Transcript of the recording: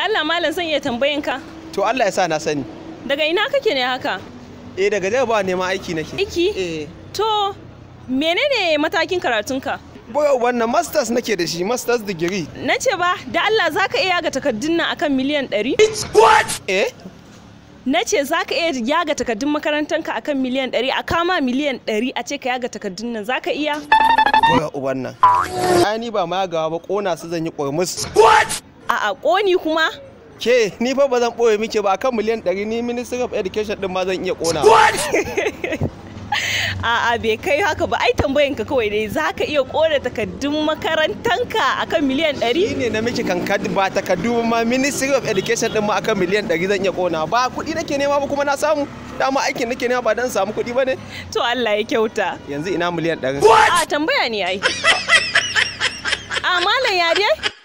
Da Allah malam zan iya tambayin ka. To Allah ya sa na sani. Daga ina kake ne haka? Eh daga jihar ba neman aiki nake. Aiki? Eh. To menene matakin karatunka? Boyo wannan masters nake da shi masters degree. Na ce ba da Allah za ka iya ga takardun nan akan miliyan ɗari? What? Eh? Na ce za ka iya yaga takardun makarantanka akan miliyan ɗari a kama miliyan ɗari a ce ka yaga takardun nan za ka iya? Boyo wannan. Ai ni ba ma yagawa ba kona su zan yi ƙormus. What? A'a ƙoni kuma? Ke ni fa ba zan ɓoye miki ba kan miliyan ɗari ni Ministry of Education ɗin ma zan iya ƙona. A'a bai kai haka ba ai tambayan ka kawai dai za ka iya ƙona takaddun makarantanka akan miliyan ɗari? Ni ne na miki kankad ba takaddu ma Ministry of Education ɗin ma akan miliyan ɗari zan iya ƙona ba kuɗi nake nema ba kuma na samu. dama aikin nake nema ba dan samu kuɗi ba ne? To Allah ya kyauta. Yanzu ina miliyan ɗari. A tambaya ne ai. A malam yare?